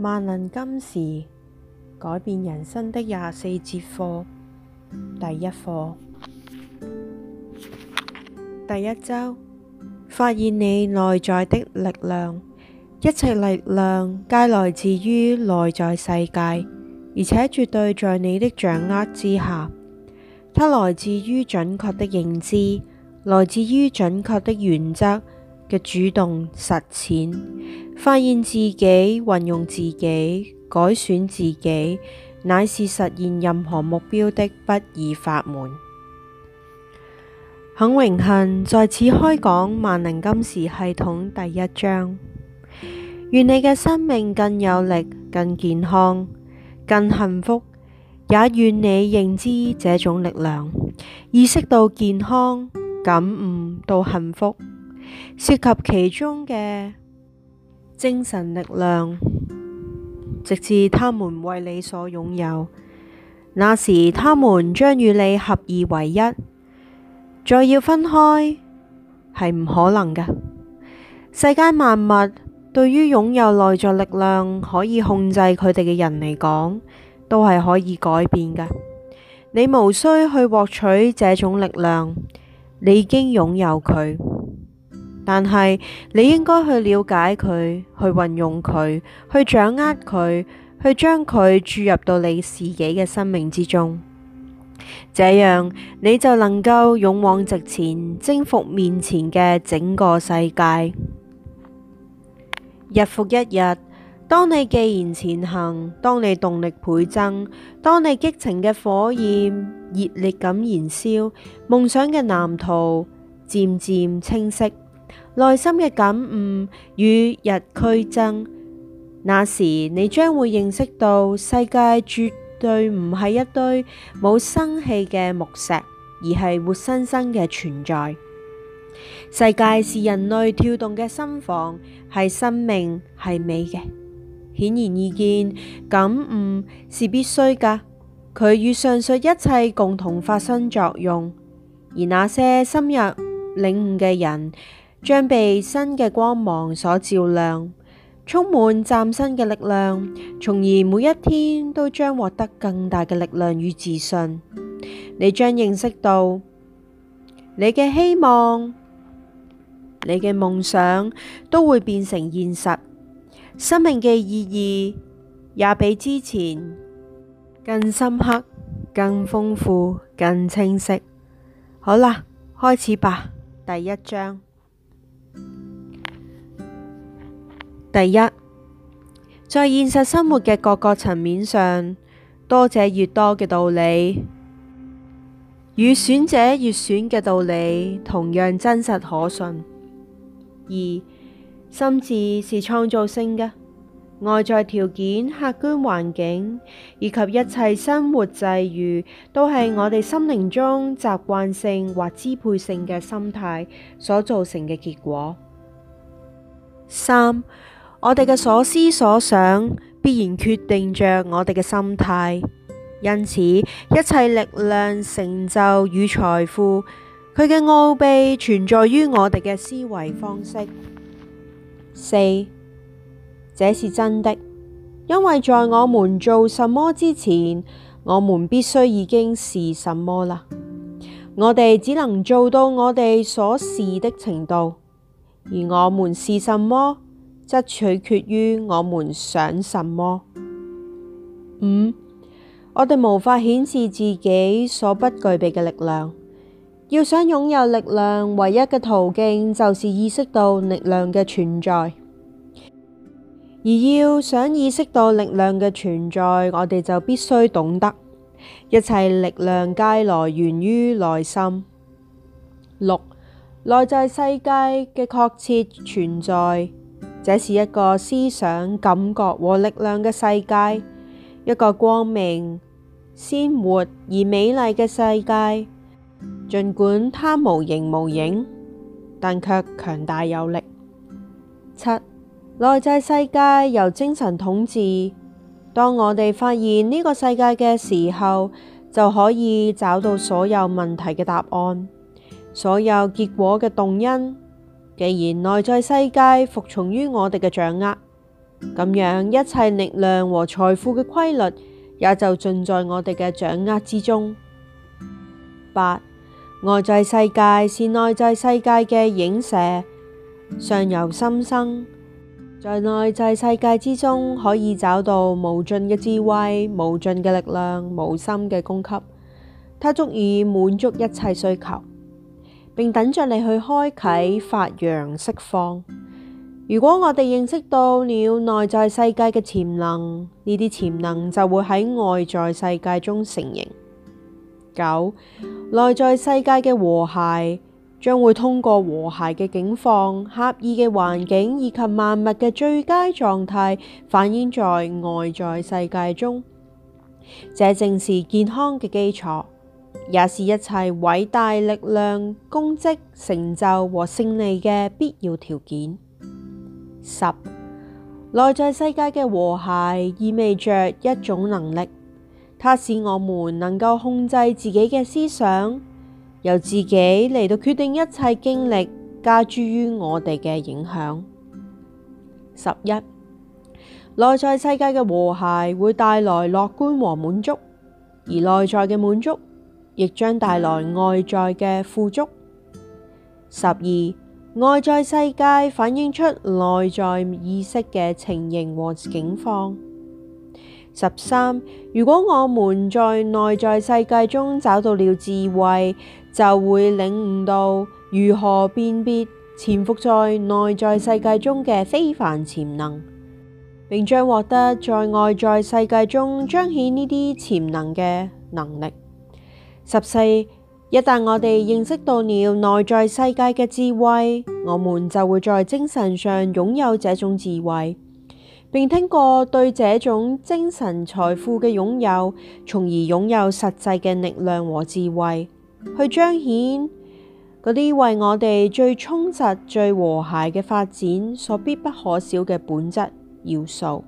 萬能今時改變人生的廿四節課，第一課，第一周發現你內在的力量，一切力量皆來自於內在世界，而且絕對在你的掌握之下。它來自於準確的認知，來自於準確的原則。嘅主動實踐，發現自己，運用自己，改選自己，乃是實現任何目標的不二法門。很榮幸在此開講萬能金時系統第一章。願你嘅生命更有力、更健康、更幸福，也願你認知這種力量，意識到健康，感悟到幸福。涉及其中嘅精神力量，直至他們為你所擁有，那時他們將與你合二為一。再要分開係唔可能嘅。世間萬物對於擁有內在力量可以控制佢哋嘅人嚟講，都係可以改變嘅。你無需去獲取這種力量，你已經擁有佢。但係，你應該去了解佢，去運用佢，去掌握佢，去將佢注入到你自己嘅生命之中，這樣你就能夠勇往直前，征服面前嘅整個世界。日復一日，當你既然前行，當你動力倍增，當你激情嘅火焰熱烈咁燃燒，夢想嘅藍圖漸漸清晰。內心嘅感悟與日俱增，那時你將會認識到世界絕對唔係一堆冇生氣嘅木石，而係活生生嘅存在。世界是人類跳動嘅心房，係生命，係美嘅。顯然易見，感悟是必須㗎，佢與上述一切共同發生作用，而那些深入領悟嘅人。將被新嘅光芒所照亮，充滿嶄新嘅力量，從而每一天都將獲得更大嘅力量與自信。你將認識到你嘅希望、你嘅夢想都會變成現實，生命嘅意義也比之前更深刻、更豐富、更清晰。好啦，開始吧，第一章。第一，在現實生活嘅各個層面上，多者越多嘅道理，與選者越選嘅道理同樣真實可信。二，心智是創造性嘅，外在條件、客觀環境以及一切生活際遇，都係我哋心靈中習慣性或支配性嘅心態所造成嘅結果。三。我哋嘅所思所想必然決定着我哋嘅心態，因此一切力量、成就與財富，佢嘅奧秘存在於我哋嘅思維方式。四，這是真的，因為在我們做什麼之前，我們必須已經是什麼啦。我哋只能做到我哋所是的程度，而我們是什麼？則取決於我們想什麼。五、嗯，我哋無法顯示自己所不具備嘅力量。要想擁有力量，唯一嘅途徑就是意識到力量嘅存在。而要想意識到力量嘅存在，我哋就必須懂得一切力量皆來源於內心。六、內在世界嘅確切存在。這是一個思想、感覺和力量嘅世界，一個光明、鮮活而美麗嘅世界。盡管它無形無影，但卻強大有力。七、內在世界由精神統治。當我哋發現呢個世界嘅時候，就可以找到所有問題嘅答案，所有結果嘅動因。既然內在世界服從於我哋嘅掌握，咁樣一切力量和財富嘅規律也就盡在我哋嘅掌握之中。八、外在世界是內在世界嘅映射，相由心生。在內在世界之中，可以找到無盡嘅智慧、無盡嘅力量、無心嘅供給，它足以滿足一切需求。並等着你去開啟、發揚、釋放。如果我哋認識到了內在世界嘅潛能，呢啲潛能就會喺外在世界中成形。九、內在世界嘅和諧將會通過和諧嘅境況、合意嘅環境以及萬物嘅最佳狀態，反映在外在世界中。這正是健康嘅基礎。也是一切偉大力量、功績、成就和勝利嘅必要條件。十，內在世界嘅和諧意味着一種能力，它使我們能夠控制自己嘅思想，由自己嚟到決定一切經歷加諸於我哋嘅影響。十一，內在世界嘅和諧會帶來樂觀和滿足，而內在嘅滿足。亦將帶來外在嘅富足。十二，外在世界反映出內在意識嘅情形和境況。十三，如果我們在內在世界中找到了智慧，就會領悟到如何辨別潛伏在內在世界中嘅非凡潛能，並將獲得在外在世界中彰顯呢啲潛能嘅能力。十四，一旦我哋認識到了內在世界嘅智慧，我們就會在精神上擁有這種智慧，並通過對這種精神財富嘅擁有，從而擁有實際嘅力量和智慧，去彰顯嗰啲為我哋最充實、最和諧嘅發展所必不可少嘅本質要素。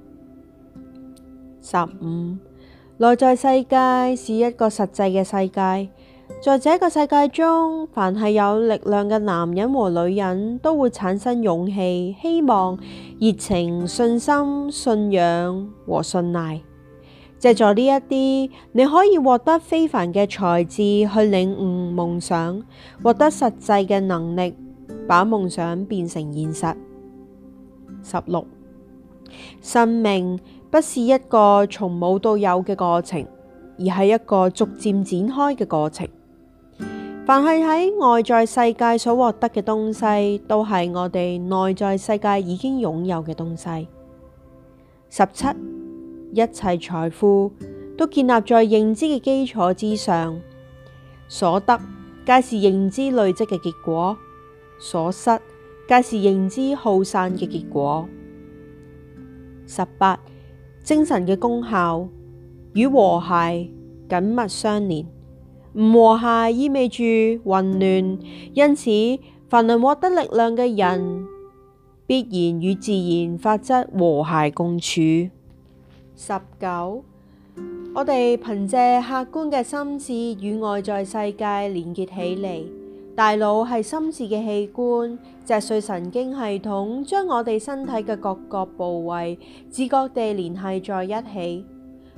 十五。內在世界是一個實際嘅世界，在這個世界中，凡係有力量嘅男人和女人都會產生勇氣、希望、熱情、信心、信仰和信賴。借助呢一啲，你可以獲得非凡嘅才智去領悟夢想，獲得實際嘅能力，把夢想變成現實。十六，生命。不是一個從冇到有嘅過程，而係一個逐漸展開嘅過程。凡係喺外在世界所獲得嘅東西，都係我哋內在世界已經擁有嘅東西。十七，一切財富都建立在認知嘅基礎之上，所得皆是認知累積嘅結果，所失皆是認知耗散嘅結果。十八。精神嘅功效與和諧緊密相連，唔和諧意味住混亂，因此凡能獲得力量嘅人，必然與自然法則和諧共處。十九，我哋憑借客觀嘅心智與外在世界連結起嚟。大腦係心智嘅器官，脊髓神經系統將我哋身體嘅各個部位自覺地聯繫在一起。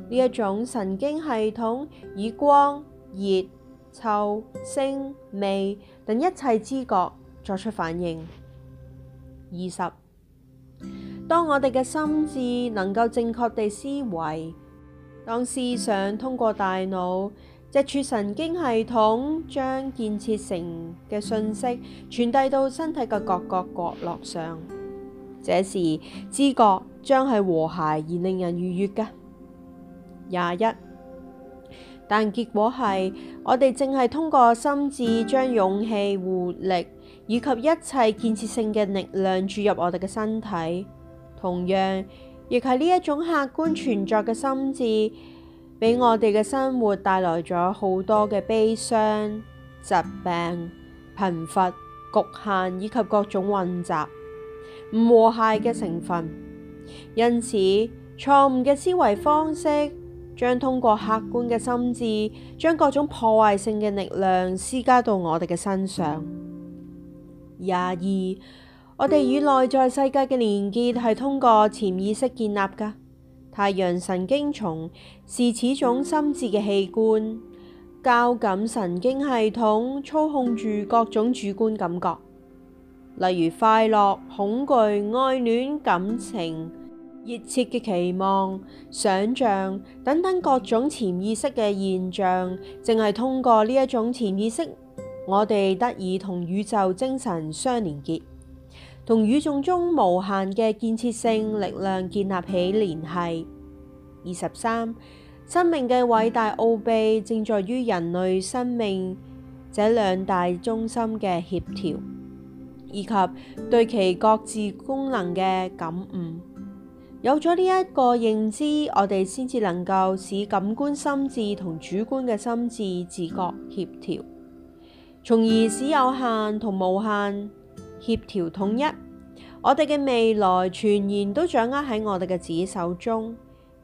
呢一種神經系統以光、熱、臭、聲、味等一切知覺作出反應。二十，當我哋嘅心智能夠正確地思維，當思想通過大腦。脊柱神經系統將建設性嘅信息傳遞到身體嘅各個角落上，這時知覺將係和諧而令人愉悅嘅。廿一，但結果係我哋淨係通過心智將勇氣、活力以及一切建設性嘅力量注入我哋嘅身體，同樣亦係呢一種客觀存在嘅心智，俾我哋嘅生活帶來咗好多嘅悲傷、疾病、貧乏、局限以及各種混雜唔和諧嘅成分。因此，錯誤嘅思維方式將通過客觀嘅心智，將各種破壞性嘅力量施加到我哋嘅身上。廿二，我哋與內在世界嘅連結係通過潛意識建立㗎。太陽神經叢是此種心智嘅器官，交感神經系統操控住各種主觀感覺，例如快樂、恐懼、愛戀、感情、熱切嘅期望、想象等等各種潛意識嘅現象，正係通過呢一種潛意識，我哋得以同宇宙精神相連結，同宇宙中無限嘅建設性力量建立起聯繫。二十三，生命嘅偉大奧秘正在於人類生命這兩大中心嘅協調，以及對其各自功能嘅感悟。有咗呢一個認知，我哋先至能夠使感官心智同主觀嘅心智自覺協調，從而使有限同無限。協調統一，我哋嘅未來全然都掌握喺我哋嘅指手中，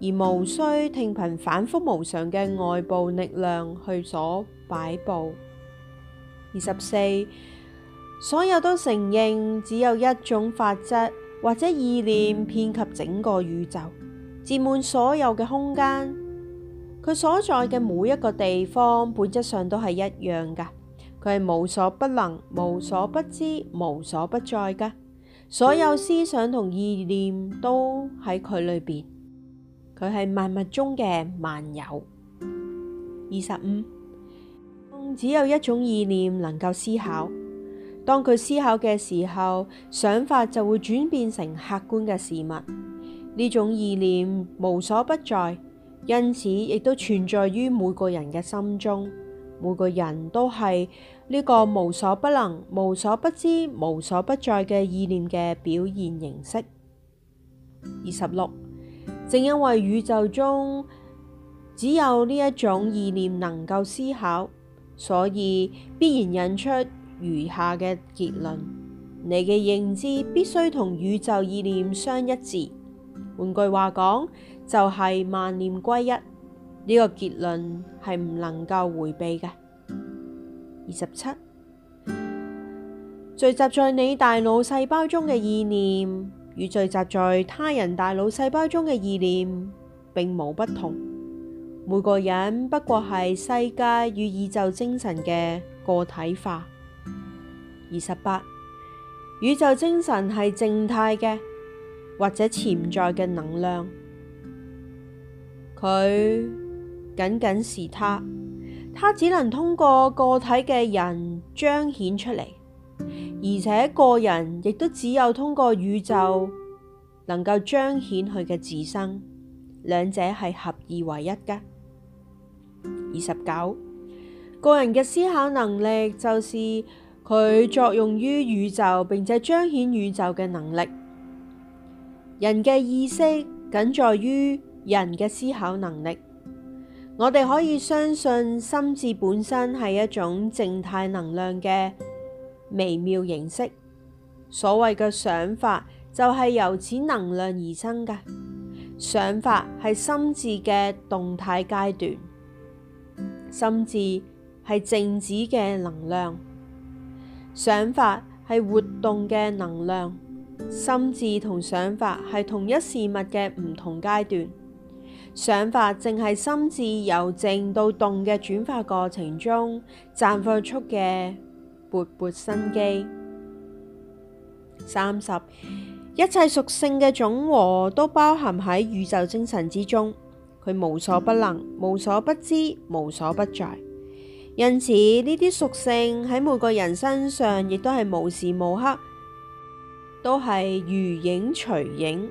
而無需聽憑反復無常嘅外部力量去所擺布。二十四，所有都承認只有一種法則或者意念遍及整個宇宙，佔滿所有嘅空間。佢所在嘅每一個地方，本質上都係一樣噶。佢係無所不能、無所不知、無所不在嘅，所有思想同意念都喺佢裏邊。佢係萬物中嘅萬有。二十五，只有一種意念能夠思考。當佢思考嘅時候，想法就會轉變成客觀嘅事物。呢種意念無所不在，因此亦都存在於每個人嘅心中。每個人都係呢個無所不能、無所不知、無所不在嘅意念嘅表現形式。二十六，正因為宇宙中只有呢一種意念能夠思考，所以必然引出如下嘅結論：你嘅認知必須同宇宙意念相一致。換句話講，就係萬念歸一。呢個結論係唔能夠回避嘅。二十七，聚集在你大腦細胞中嘅意念，與聚集在他人大腦細胞中嘅意念，並無不同。每個人不過係世界與宇宙精神嘅個體化。二十八，宇宙精神係靜態嘅或者潛在嘅能量，佢。僅僅是他，他只能通過個體嘅人彰顯出嚟，而且個人亦都只有通過宇宙能夠彰顯佢嘅自身，兩者係合二為一嘅。二十九，個人嘅思考能力就是佢作用於宇宙，並且彰顯宇宙嘅能力。人嘅意識僅在於人嘅思考能力。我哋可以相信，心智本身係一種靜態能量嘅微妙形式。所謂嘅想法就係由此能量而生嘅。想法係心智嘅動態階段，心智係靜止嘅能量，想法係活動嘅能量。心智同想法係同一事物嘅唔同階段。想法正係心智由靜到動嘅轉化過程中綻放出嘅勃勃生機。三十，一切屬性嘅總和都包含喺宇宙精神之中，佢無所不能、無所不知、無所不在。因此，呢啲屬性喺每個人身上，亦都係無時無刻都係如影隨形。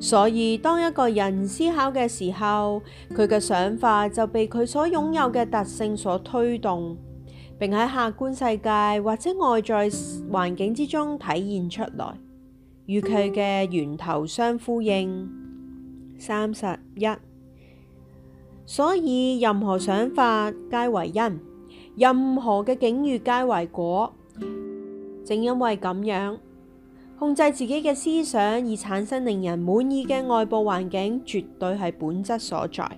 所以，當一個人思考嘅時候，佢嘅想法就被佢所擁有嘅特性所推動，並喺客觀世界或者外在環境之中體現出來，與佢嘅源頭相呼應。三十一，所以任何想法皆為因，任何嘅境遇皆為果，正因為咁樣。控制自己嘅思想而產生令人滿意嘅外部環境，絕對係本質所在。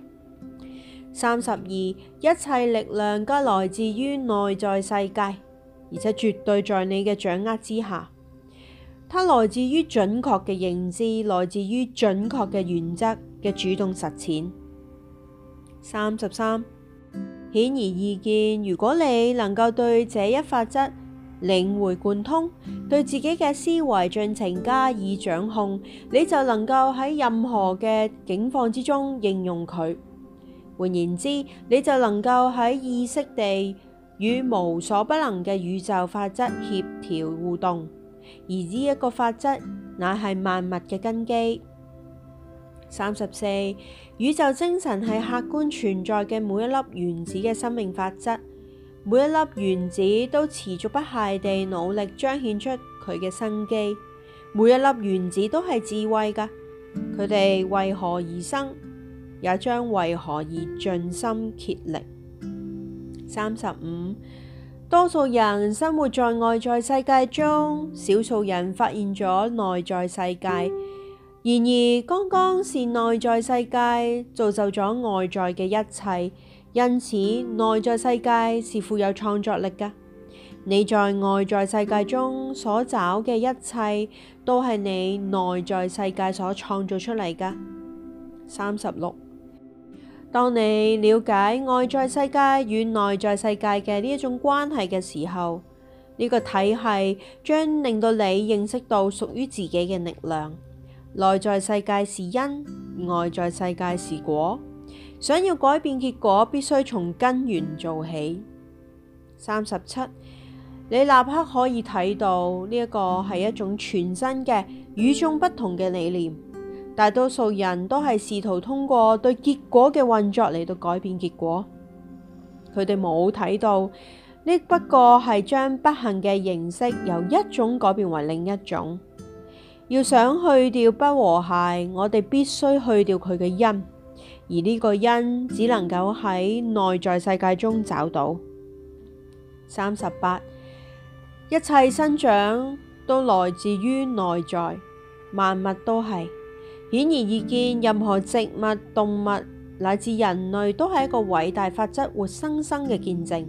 三十二，一切力量都來自於內在世界，而且絕對在你嘅掌握之下。它來自於準確嘅認知，來自於準確嘅原則嘅主動實踐。三十三，顯而易見，如果你能夠對這一法則，領會貫通，對自己嘅思維進程加以掌控，你就能夠喺任何嘅境況之中應用佢。換言之，你就能夠喺意識地與無所不能嘅宇宙法則協調互動，而呢一個法則乃係萬物嘅根基。三十四，宇宙精神係客觀存在嘅每一粒原子嘅生命法則。每一粒原子都持續不懈地努力，彰顯出佢嘅生機。每一粒原子都係智慧㗎，佢哋為何而生，也將為何而盡心竭力。三十五，多數人生活在外在世界中，少數人發現咗內在世界。然而，剛剛是內在世界造就咗外在嘅一切。因此內在世界是富有創作力嘅。你在外在世界中所找嘅一切都係你內在世界所創造出嚟嘅。三十六，當你了解外在世界與內在世界嘅呢一種關係嘅時候，呢、這個體系將令到你認識到屬於自己嘅力量。內在世界是因，外在世界是果。想要改變結果，必須從根源做起。三十七，你立刻可以睇到呢一個係一種全新嘅、與眾不同嘅理念。大多數人都係試圖通過對結果嘅運作嚟到改變結果，佢哋冇睇到呢，不過係將不幸嘅形式由一種改變為另一種。要想去掉不和諧，我哋必須去掉佢嘅因。而呢個因只能夠喺內在世界中找到。三十八，一切生長都來自於內在，萬物都係顯而易見。任何植物、動物乃至人類都係一個偉大法則活生生嘅見證。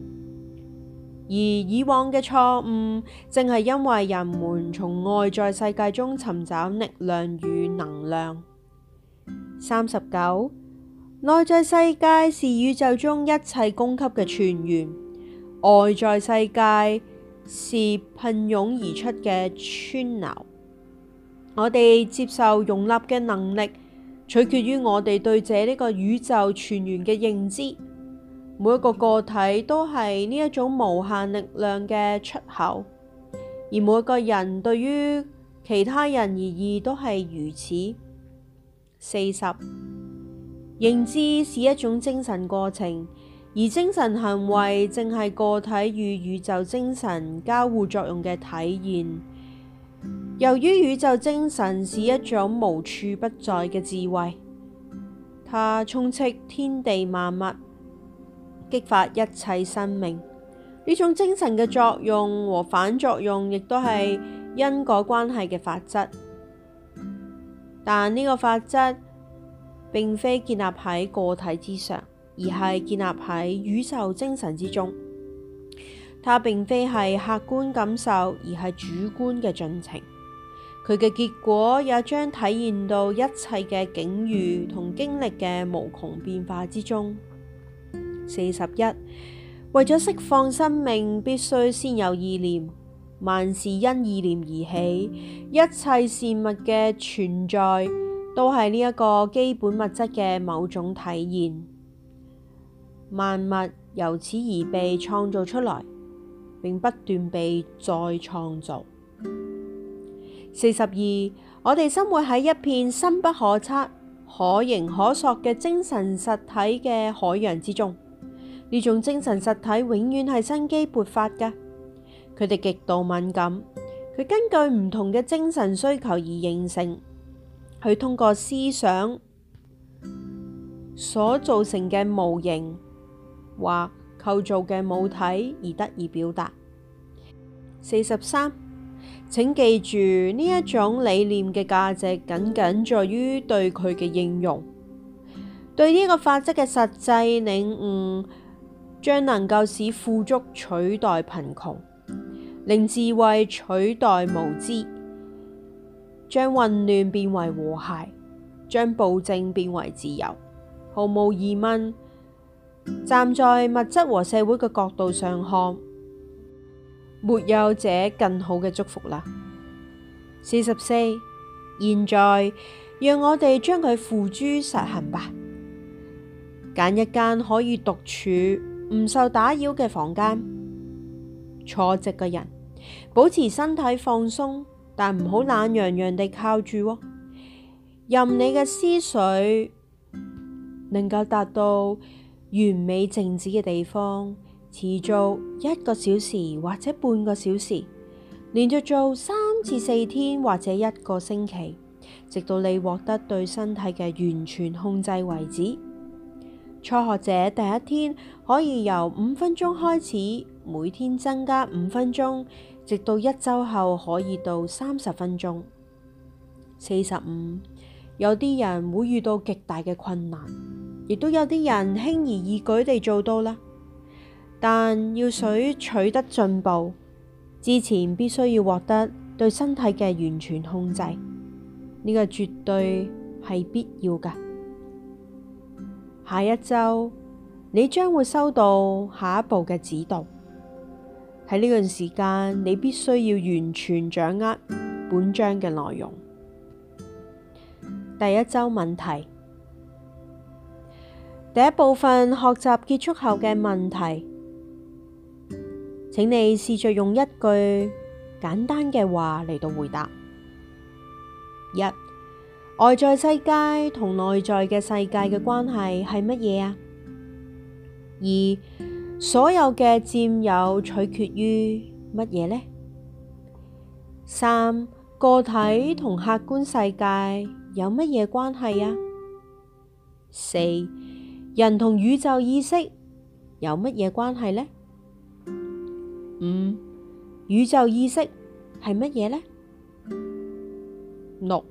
而以往嘅錯誤，正係因為人們從外在世界中尋找力量與能量。三十九。內在世界是宇宙中一切供給嘅泉源，外在世界是噴湧而出嘅川流。我哋接受容納嘅能力，取決於我哋對這呢個宇宙泉源嘅認知。每一個個體都係呢一種無限力量嘅出口，而每個人對於其他人而言都係如此。四十。認知是一種精神過程，而精神行為正係個體與宇宙精神交互作用嘅體現。由於宇宙精神是一種無處不在嘅智慧，它充斥天地萬物，激發一切生命。呢種精神嘅作用和反作用，亦都係因果關係嘅法則。但呢個法則，並非建立喺個體之上，而係建立喺宇宙精神之中。它並非係客觀感受，而係主觀嘅進程。佢嘅結果也將體現到一切嘅境遇同經歷嘅無窮變化之中。四十一，為咗釋放生命，必須先有意念，萬事因意念而起，一切事物嘅存在。都係呢一個基本物質嘅某種體現，萬物由此而被創造出來，並不斷被再創造。四十二，我哋生活喺一片深不可測、可形可塑嘅精神實體嘅海洋之中。呢種精神實體永遠係生機勃發嘅，佢哋極度敏感，佢根據唔同嘅精神需求而形成。佢通過思想所造成嘅模型或構造嘅母體而得以表達。四十三，請記住，呢一種理念嘅價值，僅僅在於對佢嘅應用。對呢個法則嘅實際領悟，將能夠使富足取代貧窮，令智慧取代無知。將混亂變為和諧，將暴政變為自由，毫無疑問，站在物質和社會嘅角度上看，沒有這更好嘅祝福啦。四十四，現在讓我哋將佢付諸實行吧。揀一間可以獨處、唔受打擾嘅房間，坐直嘅人，保持身體放鬆。但唔好懶洋洋地靠住喎，任你嘅思緒能夠達到完美靜止嘅地方，持續一個小時或者半個小時，連續做三至四天或者一個星期，直到你獲得對身體嘅完全控制為止。初學者第一天可以由五分鐘開始，每天增加五分鐘。直到一周後可以到三十分鐘，四十五。有啲人會遇到極大嘅困難，亦都有啲人輕而易舉地做到啦。但要水取得進步之前，必須要獲得對身體嘅完全控制，呢個絕對係必要噶。下一周你將會收到下一步嘅指導。喺呢段時間，你必須要完全掌握本章嘅內容。第一周問題，第一部分學習結束後嘅問題，請你試着用一句簡單嘅話嚟到回答：一、外在世界同內在嘅世界嘅關係係乜嘢啊？二。所有嘅佔有取決於乜嘢呢？三，個體同客觀世界有乜嘢關係啊？四，人同宇宙意識有乜嘢關係呢？五，宇宙意識係乜嘢呢？六，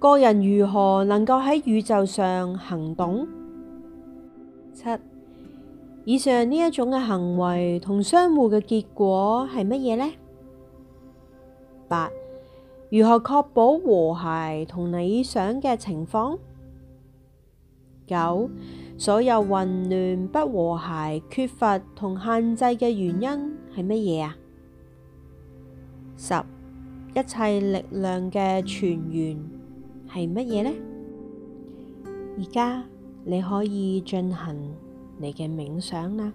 個人如何能夠喺宇宙上行動？七。以上呢一種嘅行為同相互嘅結果係乜嘢呢？八如何確保和諧同理想嘅情況？九所有混亂、不和諧、缺乏同限制嘅原因係乜嘢啊？十、一切力量嘅泉源係乜嘢呢？而家你可以進行。你嘅冥想啦。